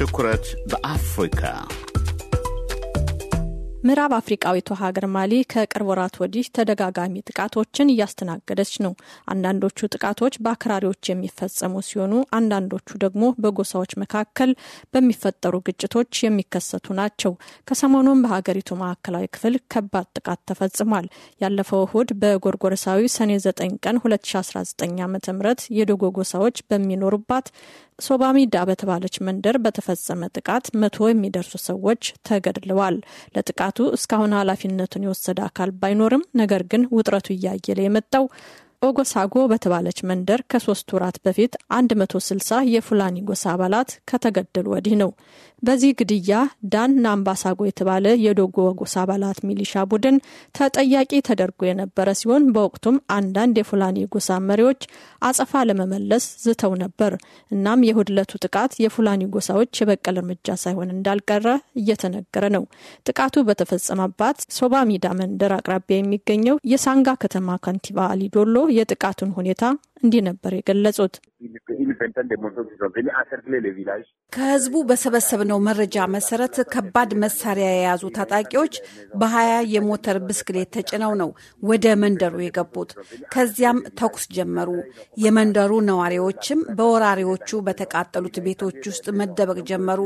ትኩረት በአፍሪካ ምዕራብ አፍሪቃዊቱ ሀገር ማሊ ከቅርብ ወራት ወዲህ ተደጋጋሚ ጥቃቶችን እያስተናገደች ነው። አንዳንዶቹ ጥቃቶች በአክራሪዎች የሚፈጸሙ ሲሆኑ፣ አንዳንዶቹ ደግሞ በጎሳዎች መካከል በሚፈጠሩ ግጭቶች የሚከሰቱ ናቸው። ከሰሞኑም በሀገሪቱ ማዕከላዊ ክፍል ከባድ ጥቃት ተፈጽሟል። ያለፈው እሁድ በጎርጎረሳዊ ሰኔ 9 ቀን 2019 ዓ ም የዶጎ ጎሳዎች በሚኖሩባት ሶባሚዳ በተባለች መንደር በተፈጸመ ጥቃት መቶ የሚደርሱ ሰዎች ተገድለዋል። ለጥቃቱ እስካሁን ኃላፊነቱን የወሰደ አካል ባይኖርም ነገር ግን ውጥረቱ እያየለ የመጣው ኦጎሳጎ በተባለች መንደር ከሶስት ወራት በፊት 160 የፉላኒ ጎሳ አባላት ከተገደሉ ወዲህ ነው። በዚህ ግድያ ዳን ናምባሳጎ የተባለ የዶጎ ጎሳ አባላት ሚሊሻ ቡድን ተጠያቂ ተደርጎ የነበረ ሲሆን በወቅቱም አንዳንድ የፉላኒ ጎሳ መሪዎች አጸፋ ለመመለስ ዝተው ነበር። እናም የሁድለቱ ጥቃት የፉላኒ ጎሳዎች የበቀል እርምጃ ሳይሆን እንዳልቀረ እየተነገረ ነው። ጥቃቱ በተፈጸመባት ሶባሚዳ መንደር አቅራቢያ የሚገኘው የሳንጋ ከተማ ከንቲባ አሊዶሎ የጥቃቱን ሁኔታ እንዲህ ነበር የገለጹት። ከህዝቡ በሰበሰብነው መረጃ መሰረት ከባድ መሳሪያ የያዙ ታጣቂዎች በሀያ የሞተር ብስክሌት ተጭነው ነው ወደ መንደሩ የገቡት። ከዚያም ተኩስ ጀመሩ። የመንደሩ ነዋሪዎችም በወራሪዎቹ በተቃጠሉት ቤቶች ውስጥ መደበቅ ጀመሩ።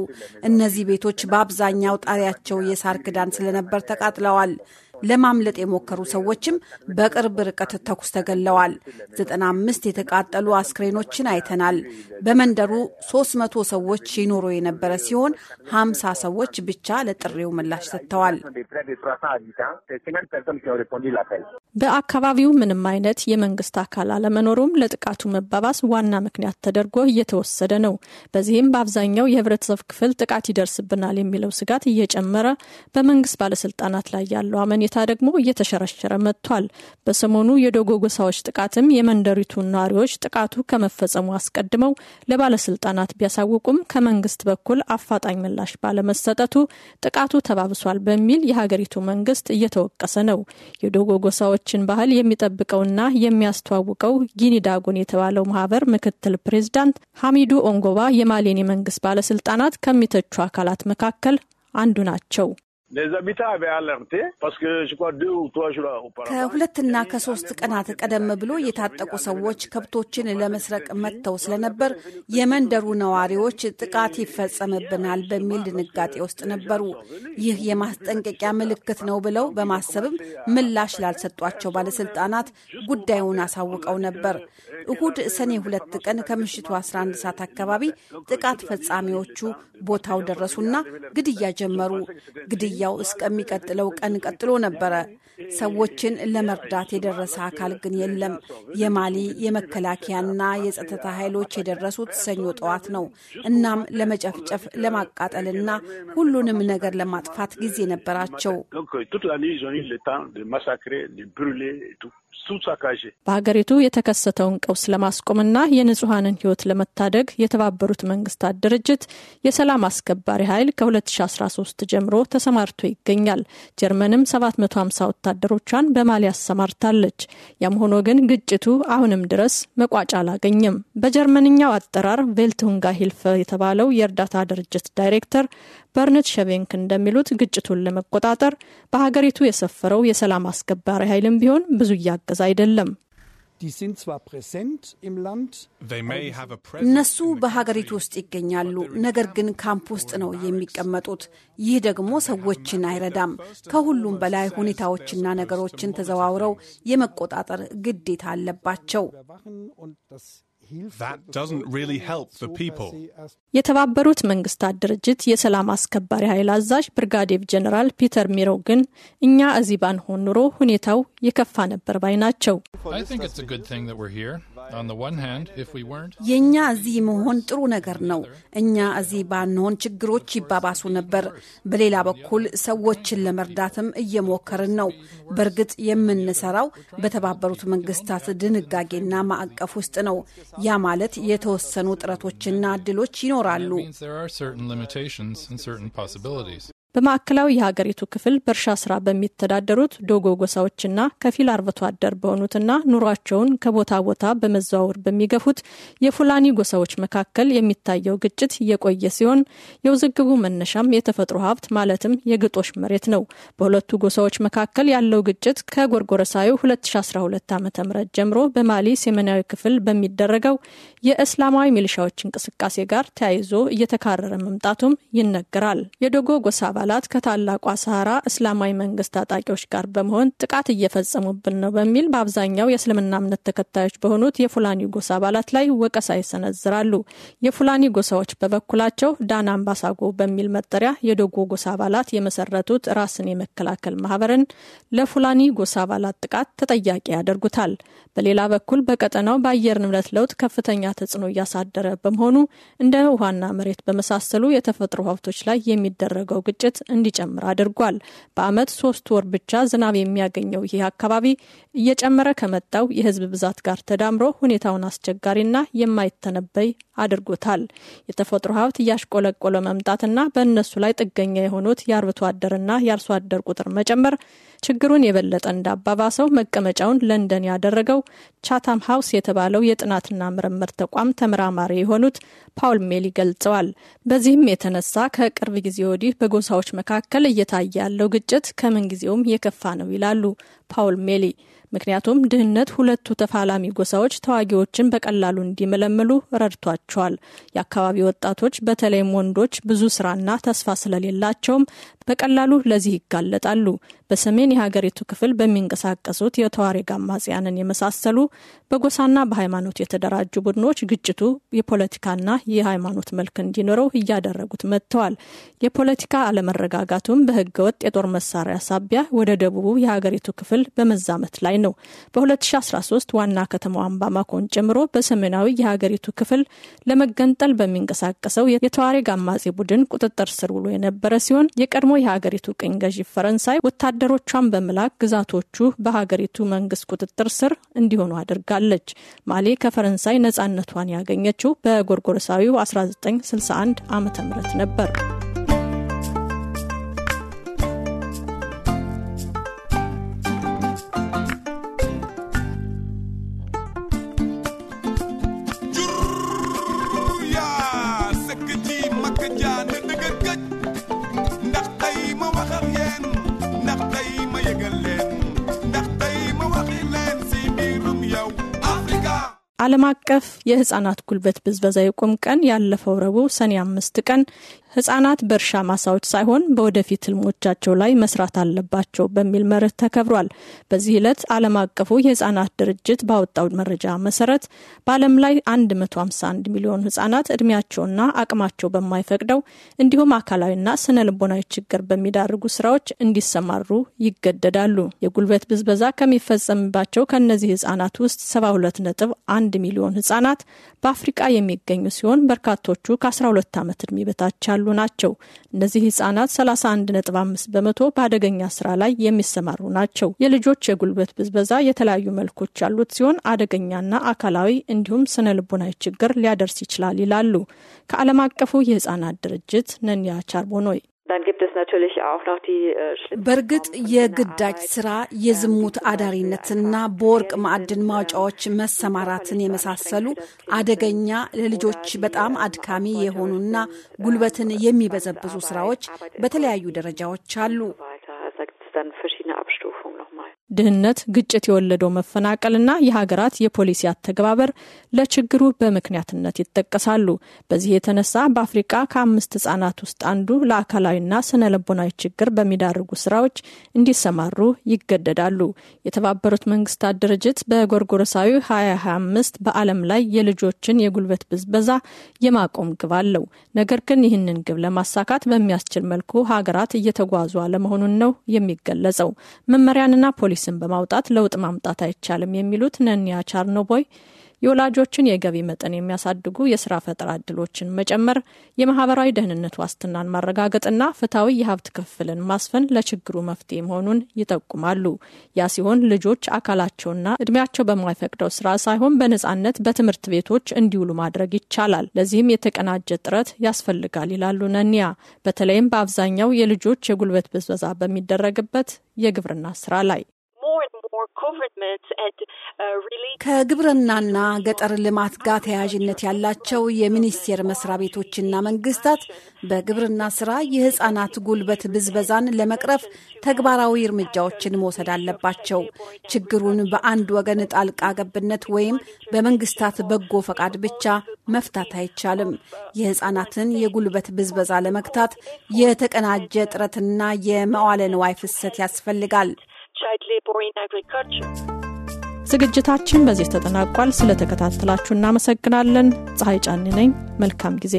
እነዚህ ቤቶች በአብዛኛው ጣሪያቸው የሳር ክዳን ስለነበር ተቃጥለዋል። ለማምለጥ የሞከሩ ሰዎችም በቅርብ ርቀት ተኩስ ተገለዋል። 95 የተቃጠሉ አስክሬኖችን አይተናል። በመንደሩ 300 ሰዎች ይኖሩ የነበረ ሲሆን 50 ሰዎች ብቻ ለጥሪው ምላሽ ሰጥተዋል። በአካባቢው ምንም አይነት የመንግስት አካል አለመኖሩም ለጥቃቱ መባባስ ዋና ምክንያት ተደርጎ እየተወሰደ ነው። በዚህም በአብዛኛው የህብረተሰብ ክፍል ጥቃት ይደርስብናል የሚለው ስጋት እየጨመረ በመንግስት ባለስልጣናት ላይ ያለው አመኔታ ሁኔታ ደግሞ እየተሸረሸረ መጥቷል። በሰሞኑ የዶጎ ጎሳዎች ጥቃትም የመንደሪቱ ነዋሪዎች ጥቃቱ ከመፈጸሙ አስቀድመው ለባለስልጣናት ቢያሳውቁም ከመንግስት በኩል አፋጣኝ ምላሽ ባለመሰጠቱ ጥቃቱ ተባብሷል በሚል የሀገሪቱ መንግስት እየተወቀሰ ነው። የዶጎ ጎሳዎችን ባህል የሚጠብቀውና የሚያስተዋውቀው ጊኒዳጎን የተባለው ማህበር ምክትል ፕሬዚዳንት ሐሚዱ ኦንጎባ የማሌን የመንግስት ባለስልጣናት ከሚተቹ አካላት መካከል አንዱ ናቸው። les habitants avaient alerté parce que je crois deux ou trois jours auparavant ከሁለትና ከሶስት ቀናት ቀደም ብሎ የታጠቁ ሰዎች ከብቶችን ለመስረቅ መጥተው ስለነበር የመንደሩ ነዋሪዎች ጥቃት ይፈጸምብናል በሚል ድንጋጤ ውስጥ ነበሩ። ይህ የማስጠንቀቂያ ምልክት ነው ብለው በማሰብም ምላሽ ላልሰጧቸው ባለስልጣናት ጉዳዩን አሳውቀው ነበር። እሁድ ሰኔ ሁለት ቀን ከምሽቱ 11 ሰዓት አካባቢ ጥቃት ፈጻሚዎቹ ቦታው ደረሱና ግድያ ጀመሩ። ግድያ ግድያው እስከሚቀጥለው ቀን ቀጥሎ ነበረ። ሰዎችን ለመርዳት የደረሰ አካል ግን የለም። የማሊ የመከላከያና የጸጥታ ኃይሎች የደረሱት ሰኞ ጠዋት ነው። እናም ለመጨፍጨፍ ለማቃጠልና ሁሉንም ነገር ለማጥፋት ጊዜ ነበራቸው። በሀገሪቱ የተከሰተውን ቀውስ ለማስቆምና የንጹሐንን ህይወት ለመታደግ የተባበሩት መንግስታት ድርጅት የሰላም አስከባሪ ኃይል ከ2013 ጀምሮ ተሰማርቶ ይገኛል። ጀርመንም 750 ወታደሮቿን በማሊ አሰማርታለች። ያም ሆኖ ግን ግጭቱ አሁንም ድረስ መቋጫ አላገኘም። በጀርመንኛው አጠራር ቬልትሁንጋ ሂልፈ የተባለው የእርዳታ ድርጅት ዳይሬክተር በርነት ሸቬንክ እንደሚሉት ግጭቱን ለመቆጣጠር በሀገሪቱ የሰፈረው የሰላም አስከባሪ ኃይልም ቢሆን ብዙ እያገዘ አይደለም። እነሱ በሀገሪቱ ውስጥ ይገኛሉ፣ ነገር ግን ካምፕ ውስጥ ነው የሚቀመጡት። ይህ ደግሞ ሰዎችን አይረዳም። ከሁሉም በላይ ሁኔታዎችና ነገሮችን ተዘዋውረው የመቆጣጠር ግዴታ አለባቸው። የተባበሩት መንግስታት ድርጅት የሰላም አስከባሪ ኃይል አዛዥ ብርጋዴር ጀነራል ፒተር ሚሮ ግን እኛ እዚህ ባንሆን ኑሮ ሁኔታው የከፋ ነበር ባይ ናቸው። የእኛ እዚህ መሆን ጥሩ ነገር ነው። እኛ እዚህ ባንሆን ችግሮች ይባባሱ ነበር። በሌላ በኩል ሰዎችን ለመርዳትም እየሞከርን ነው። በእርግጥ የምንሰራው በተባበሩት መንግስታት ድንጋጌና ማዕቀፍ ውስጥ ነው። ያ ማለት የተወሰኑ ጥረቶችና እድሎች ይኖራሉ። በማዕከላዊ የሀገሪቱ ክፍል በእርሻ ስራ በሚተዳደሩት ዶጎ ጎሳዎችና ከፊል አርብቶ አደር በሆኑትና ኑሯቸውን ከቦታ ቦታ በመዘዋወር በሚገፉት የፉላኒ ጎሳዎች መካከል የሚታየው ግጭት የቆየ ሲሆን የውዝግቡ መነሻም የተፈጥሮ ሀብት ማለትም የግጦሽ መሬት ነው። በሁለቱ ጎሳዎች መካከል ያለው ግጭት ከጎርጎረሳዩ 2012 ዓ ም ጀምሮ በማሊ ሰሜናዊ ክፍል በሚደረገው የእስላማዊ ሚሊሻዎች እንቅስቃሴ ጋር ተያይዞ እየተካረረ መምጣቱም ይነገራል። የዶጎ ጎሳ አባላት ከታላቋ ሰሃራ እስላማዊ መንግስት ታጣቂዎች ጋር በመሆን ጥቃት እየፈጸሙብን ነው በሚል በአብዛኛው የእስልምና እምነት ተከታዮች በሆኑት የፉላኒ ጎሳ አባላት ላይ ወቀሳ ይሰነዝራሉ። የፉላኒ ጎሳዎች በበኩላቸው ዳና አምባሳጎ በሚል መጠሪያ የዶጎ ጎሳ አባላት የመሰረቱት ራስን የመከላከል ማህበርን ለፉላኒ ጎሳ አባላት ጥቃት ተጠያቂ ያደርጉታል። በሌላ በኩል በቀጠናው በአየር ንብረት ለውጥ ከፍተኛ ተጽዕኖ እያሳደረ በመሆኑ እንደ ውሃና መሬት በመሳሰሉ የተፈጥሮ ሀብቶች ላይ የሚደረገው ግጭት እድገት እንዲጨምር አድርጓል። በአመት ሶስት ወር ብቻ ዝናብ የሚያገኘው ይህ አካባቢ እየጨመረ ከመጣው የህዝብ ብዛት ጋር ተዳምሮ ሁኔታውን አስቸጋሪና የማይተነበይ አድርጎታል። የተፈጥሮ ሀብት እያሽቆለቆለ መምጣትና በእነሱ ላይ ጥገኛ የሆኑት የአርብቶ አደርና የአርሶ አደር ቁጥር መጨመር ችግሩን የበለጠ እንዳባባሰው መቀመጫውን ለንደን ያደረገው ቻታም ሀውስ የተባለው የጥናትና ምርምር ተቋም ተመራማሪ የሆኑት ፓውል ሜሊ ገልጸዋል። በዚህም የተነሳ ከቅርብ ጊዜ ወዲህ በጎሳዎች መካከል እየታየ ያለው ግጭት ከምን ጊዜውም የከፋ ነው ይላሉ ፓውል ሜሊ። ምክንያቱም ድህነት ሁለቱ ተፋላሚ ጎሳዎች ተዋጊዎችን በቀላሉ እንዲመለምሉ ረድቷቸዋል። የአካባቢ ወጣቶች በተለይም ወንዶች ብዙ ስራና ተስፋ ስለሌላቸውም በቀላሉ ለዚህ ይጋለጣሉ። በሰሜን የሀገሪቱ ክፍል በሚንቀሳቀሱት የተዋሬግ አማጽያንን የመሳሰሉ በጎሳና በሃይማኖት የተደራጁ ቡድኖች ግጭቱ የፖለቲካና የሃይማኖት መልክ እንዲኖረው እያደረጉት መጥተዋል። የፖለቲካ አለመረጋጋቱም በህገወጥ የጦር መሳሪያ ሳቢያ ወደ ደቡቡ የሀገሪቱ ክፍል በመዛመት ላይ ነው። በ2013 ዋና ከተማዋን ባማኮን ጨምሮ በሰሜናዊ የሀገሪቱ ክፍል ለመገንጠል በሚንቀሳቀሰው የተዋሬግ አማጺ ቡድን ቁጥጥር ስር ውሎ የነበረ ሲሆን የቀድሞ የሀገሪቱ ቅኝ ገዢ ፈረንሳይ ወታደሮቿን በመላክ ግዛቶቹ በሀገሪቱ መንግስት ቁጥጥር ስር እንዲሆኑ አድርጋለች። ማሌ ከፈረንሳይ ነጻነቷን ያገኘችው በጎርጎረሳዊው 1961 ዓ ም ነበር። ዓለም አቀፍ የህጻናት ጉልበት ብዝበዛ የቁም ቀን ያለፈው ረቡዕ ሰኔ አምስት ቀን ህጻናት በእርሻ ማሳዎች ሳይሆን በወደፊት ህልሞቻቸው ላይ መስራት አለባቸው በሚል መርህ ተከብሯል። በዚህ ዕለት ዓለም አቀፉ የህጻናት ድርጅት ባወጣው መረጃ መሰረት በዓለም ላይ 151 ሚሊዮን ህጻናት እድሜያቸውና አቅማቸው በማይፈቅደው እንዲሁም አካላዊና ስነ ልቦናዊ ችግር በሚዳርጉ ስራዎች እንዲሰማሩ ይገደዳሉ። የጉልበት ብዝበዛ ከሚፈጸምባቸው ከእነዚህ ህጻናት ውስጥ 72 ነጥብ 1 ሚሊዮን ህጻናት በአፍሪቃ የሚገኙ ሲሆን በርካቶቹ ከ12 ዓመት እድሜ በታች አሉ። ያሉ ናቸው። እነዚህ ህጻናት 31.5 በመቶ በአደገኛ ስራ ላይ የሚሰማሩ ናቸው። የልጆች የጉልበት ብዝበዛ የተለያዩ መልኮች ያሉት ሲሆን አደገኛና አካላዊ እንዲሁም ስነ ልቦናዊ ችግር ሊያደርስ ይችላል ይላሉ ከዓለም አቀፉ የህጻናት ድርጅት ነኒያ ቻርቦኖይ dann gibt es natürlich auch noch die äh, በእርግጥ የግዳጅ ስራ የዝሙት አዳሪነትና በወርቅ ማዕድን ማውጫዎች መሰማራትን የመሳሰሉ አደገኛ ለልጆች በጣም አድካሚ የሆኑና ጉልበትን የሚበዘብዙ ስራዎች በተለያዩ ደረጃዎች አሉ። ድህነት፣ ግጭት የወለደው መፈናቀልና የሀገራት የፖሊሲ አተገባበር ለችግሩ በምክንያትነት ይጠቀሳሉ። በዚህ የተነሳ በአፍሪቃ ከአምስት ህጻናት ውስጥ አንዱ ለአካላዊና ስነ ልቦናዊ ችግር በሚዳርጉ ስራዎች እንዲሰማሩ ይገደዳሉ። የተባበሩት መንግስታት ድርጅት በጎርጎረሳዊ 2025 በዓለም ላይ የልጆችን የጉልበት ብዝበዛ የማቆም ግብ አለው። ነገር ግን ይህንን ግብ ለማሳካት በሚያስችል መልኩ ሀገራት እየተጓዙ አለመሆኑን ነው የሚገለጸው። መመሪያንና ፖሊሲ ፖሊስን በማውጣት ለውጥ ማምጣት አይቻልም የሚሉት ነኒያ ቻርኖቦይ የወላጆችን የገቢ መጠን የሚያሳድጉ የስራ ፈጠራ እድሎችን መጨመር፣ የማህበራዊ ደህንነት ዋስትናን ማረጋገጥና ፍትሐዊ የሀብት ክፍልን ማስፈን ለችግሩ መፍትሄ መሆኑን ይጠቁማሉ። ያ ሲሆን ልጆች አካላቸውና እድሜያቸው በማይፈቅደው ስራ ሳይሆን በነጻነት በትምህርት ቤቶች እንዲውሉ ማድረግ ይቻላል። ለዚህም የተቀናጀ ጥረት ያስፈልጋል ይላሉ ነኒያ። በተለይም በአብዛኛው የልጆች የጉልበት ብዝበዛ በሚደረግበት የግብርና ስራ ላይ Uh, ከግብርናና ገጠር ልማት ጋር ተያያዥነት ያላቸው የሚኒስቴር መስሪያ ቤቶችና መንግስታት በግብርና ስራ የህጻናት ጉልበት ብዝበዛን ለመቅረፍ ተግባራዊ እርምጃዎችን መውሰድ አለባቸው። ችግሩን በአንድ ወገን ጣልቃ ገብነት ወይም በመንግስታት በጎ ፈቃድ ብቻ መፍታት አይቻልም። የህጻናትን የጉልበት ብዝበዛ ለመግታት የተቀናጀ ጥረትና የመዋለ ንዋይ ፍሰት ያስፈልጋል። outside labor in agriculture. ዝግጅታችን በዚህ ተጠናቋል። ስለተከታተላችሁ እናመሰግናለን። ፀሐይ ጫን ነኝ። መልካም ጊዜ